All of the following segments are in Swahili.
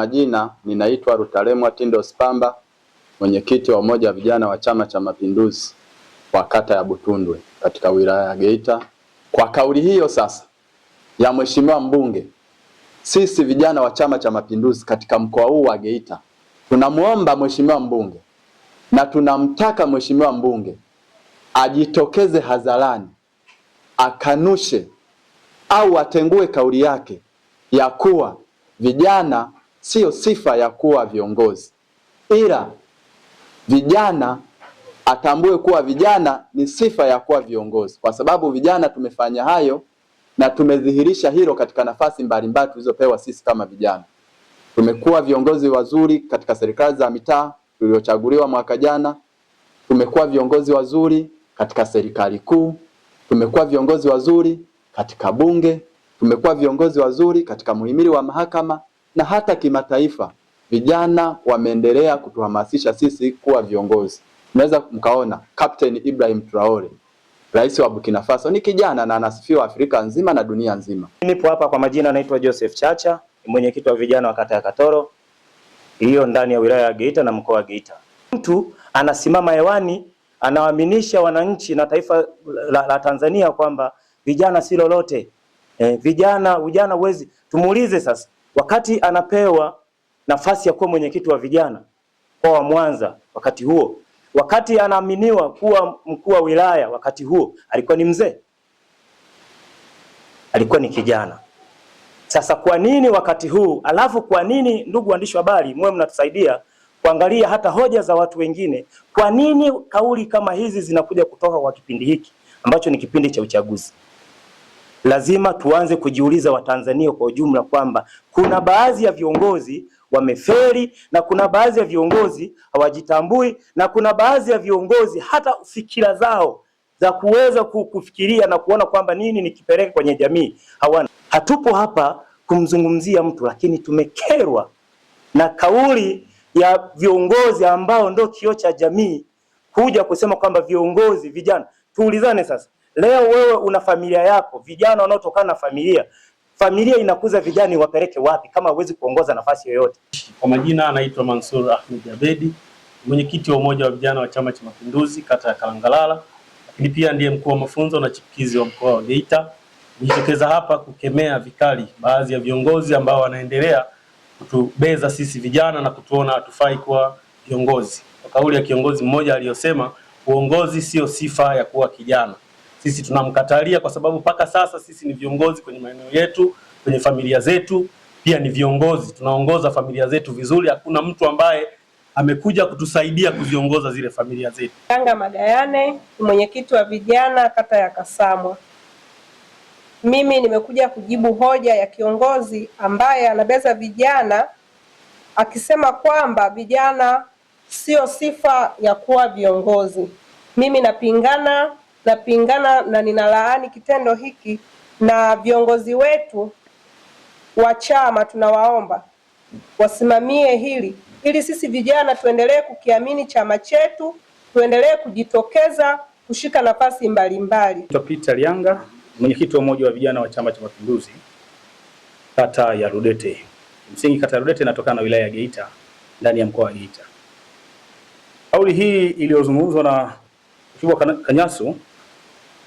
majina, ninaitwa Rutalemwa Tindo Spamba, mwenyekiti wa umoja wa vijana wa Chama cha Mapinduzi wa kata ya Butundwe katika wilaya ya Geita. Kwa kauli hiyo sasa ya mheshimiwa mbunge, sisi vijana wa Chama cha Mapinduzi katika mkoa huu wa Geita tunamwomba mheshimiwa mbunge na tunamtaka mheshimiwa mbunge ajitokeze hadharani akanushe au atengue kauli yake ya kuwa vijana siyo sifa ya kuwa viongozi, ila vijana atambue kuwa vijana ni sifa ya kuwa viongozi, kwa sababu vijana tumefanya hayo na tumedhihirisha hilo katika nafasi mbalimbali tulizopewa sisi kama vijana. Tumekuwa viongozi wazuri katika serikali za mitaa tuliochaguliwa mwaka jana, tumekuwa viongozi wazuri katika serikali kuu, tumekuwa viongozi wazuri katika bunge, tumekuwa viongozi wazuri katika muhimili wa mahakama na hata kimataifa vijana wameendelea kutuhamasisha sisi kuwa viongozi. Mnaweza mkaona Captain Ibrahim Traore, rais wa Burkina Faso, ni kijana na anasifiwa Afrika nzima na dunia nzima. Nipo hapa kwa majina, naitwa Joseph Chacha, ni mwenyekiti wa vijana wa kata ya Katoro hiyo ndani ya wilaya ya Geita na mkoa wa Geita. Mtu anasimama hewani anawaaminisha wananchi na taifa la, la Tanzania kwamba vijana si lolote eh, vijana ujana uwezi, tumuulize sasa wakati anapewa nafasi ya kuwa mwenyekiti wa vijana mkoa wa Mwanza wakati huo, wakati anaaminiwa kuwa mkuu wa wilaya wakati huo, alikuwa ni mzee, alikuwa ni kijana. Sasa kwa nini wakati huu? Alafu kwa nini, ndugu waandishi wa habari, mwe mnatusaidia kuangalia hata hoja za watu wengine, kwa nini kauli kama hizi zinakuja kutoka kwa kipindi hiki ambacho ni kipindi cha uchaguzi? lazima tuanze kujiuliza Watanzania kwa ujumla kwamba kuna baadhi ya viongozi wameferi na kuna baadhi ya viongozi hawajitambui na kuna baadhi ya viongozi hata fikira zao za kuweza kufikiria na kuona kwamba nini nikipeleke kwenye jamii hawana. Hatupo hapa kumzungumzia mtu, lakini tumekerwa na kauli ya viongozi ambao ndio kioo cha jamii kuja kusema kwamba viongozi vijana. Tuulizane sasa Leo wewe una familia yako, vijana wanaotokana na familia familia inakuza vijana, iwapeleke wapi kama huwezi kuongoza nafasi yoyote? Kwa majina anaitwa Mansur Ahmed Abedi, mwenyekiti wa umoja wa vijana wa Chama cha Mapinduzi kata ya Kalangalala, lakini pia ndiye mkuu wa mafunzo na chipukizi wa mkoa wa Geita. Nijitokeza hapa kukemea vikali baadhi ya viongozi ambao wanaendelea kutubeza sisi vijana na kutuona hatufai kuwa viongozi, kwa kauli ya kiongozi mmoja aliyosema uongozi sio sifa ya kuwa kijana sisi tunamkatalia kwa sababu mpaka sasa sisi ni viongozi kwenye maeneo yetu, kwenye familia zetu, pia ni viongozi, tunaongoza familia zetu vizuri. Hakuna mtu ambaye amekuja kutusaidia kuziongoza zile familia zetu. Yanga Magayane ni mwenyekiti wa vijana kata ya Kasamwa. Mimi nimekuja kujibu hoja ya kiongozi ambaye anabeza vijana akisema kwamba vijana sio sifa ya kuwa viongozi. Mimi napingana napingana na ninalaani kitendo hiki, na viongozi wetu wa chama tunawaomba wasimamie hili ili sisi vijana tuendelee kukiamini chama chetu, tuendelee kujitokeza kushika nafasi mbalimbali. Peter Lyanga, mwenyekiti wa umoja wa vijana wa Chama cha Mapinduzi kata ya Ludete. Msingi kata ya Ludete inatokana na wilaya ya Geita ndani ya mkoa wa Geita. Kauli hii iliyozungumzwa na Mheshimiwa Kanyasu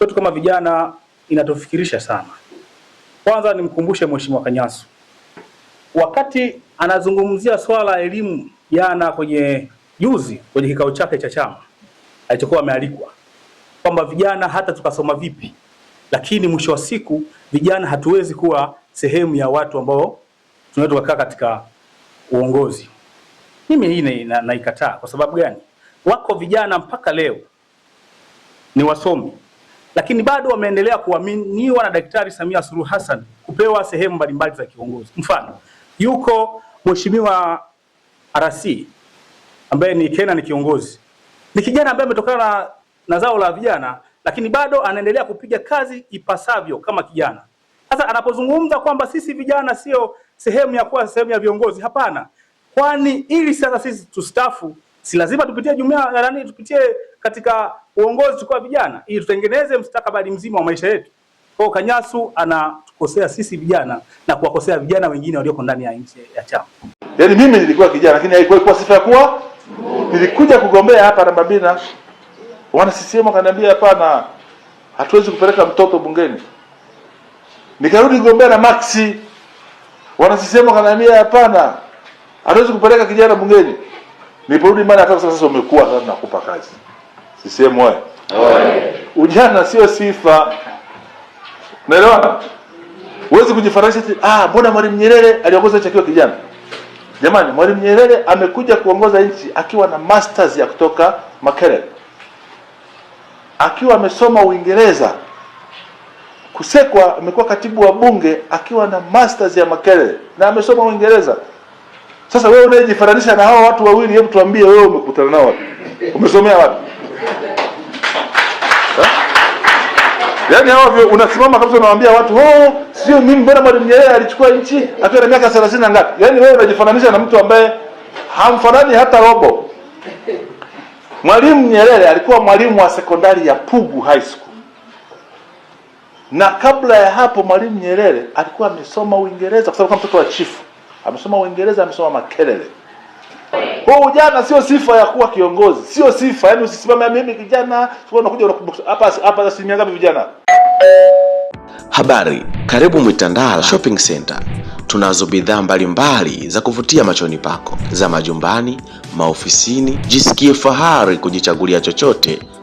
kwetu kama vijana inatufikirisha sana. Kwanza nimkumbushe Mheshimiwa Kanyasu wakati anazungumzia swala la elimu jana kwenye juzi kwenye kikao chake cha chama alichokuwa amealikwa kwamba vijana hata tukasoma vipi, lakini mwisho wa siku vijana hatuwezi kuwa sehemu ya watu ambao tunaweza tukakaa katika uongozi. Mimi hii naikataa na, kwa sababu gani? Wako vijana mpaka leo ni wasomi lakini bado wameendelea kuaminiwa na Daktari Samia Suluhu Hassan kupewa sehemu mbalimbali za kiongozi. Mfano, yuko mheshimiwa RC ambaye ni Kena, ni kiongozi, ni kijana ambaye ametokana na zao la vijana, lakini bado anaendelea kupiga kazi ipasavyo kama kijana. Sasa anapozungumza kwamba sisi vijana sio sehemu ya kuwa sehemu ya viongozi, hapana, kwani ili sasa sisi tustafu si lazima tupitie jumuiya, tupitie katika uongozi tukiwa vijana, ili tutengeneze mstakabali mzima wa maisha yetu. Kwa Kanyasu anatukosea sisi vijana na kuwakosea vijana wengine walioko ndani ya nchi ya chama. Yaani mimi nilikuwa kijana, lakini haikuwa kwa sifa ya kuwa nilikuja kugombea hapa namba mbili na wana CCM wakaniambia hapana, hatuwezi kupeleka mtoto bungeni. Nikarudi kugombea na Maxi, wana CCM wakaniambia hapana, hatuwezi kupeleka kijana bungeni. Niliporudi mara ya tatu, sasa umekuwa, sasa nakupa kazi. CCM oye! Ujana sio sifa, naelewa. Huwezi kujifananisha ah, mbona Mwalimu Nyerere aliongoza nchi akiwa kijana? Jamani, Mwalimu Nyerere amekuja kuongoza nchi akiwa na masters ya kutoka Makerere, akiwa amesoma Uingereza. Kusekwa amekuwa katibu wa bunge akiwa na masters ya Makerere na amesoma Uingereza. Sasa wewe unayejifananisha na hao watu wawili, hebu tuambie, wewe umekutana nao wapi? Umesomea wapi? Yaani hao unasimama kabisa unawaambia watu, "Oh, sio mimi mbona Mwalimu Nyerere alichukua nchi akiwa na miaka 30 na ngapi?" Yaani wewe unajifananisha na mtu ambaye hamfanani hata robo. Mwalimu Nyerere alikuwa mwalimu wa sekondari ya Pugu High School. Na kabla ya hapo Mwalimu Nyerere alikuwa amesoma Uingereza kwa sababu kama mtoto wa chifu. Amesoma Uingereza, amesoma Makerere. Kwa ujana sio sifa ya kuwa kiongozi, sio sifa. Yaani usisimame mimi kijana, sio unakuja unakubox. Hapa hapa asilimia ngapi vijana? Habari, karibu Mwitandala Shopping Center. Tunazo bidhaa mbalimbali za kuvutia machoni pako, za majumbani, maofisini. Jisikie fahari kujichagulia chochote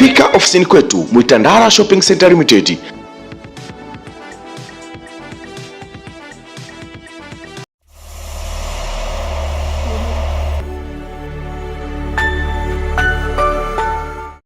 Fika ofisini kwetu Mwitandara Shopping Center Limited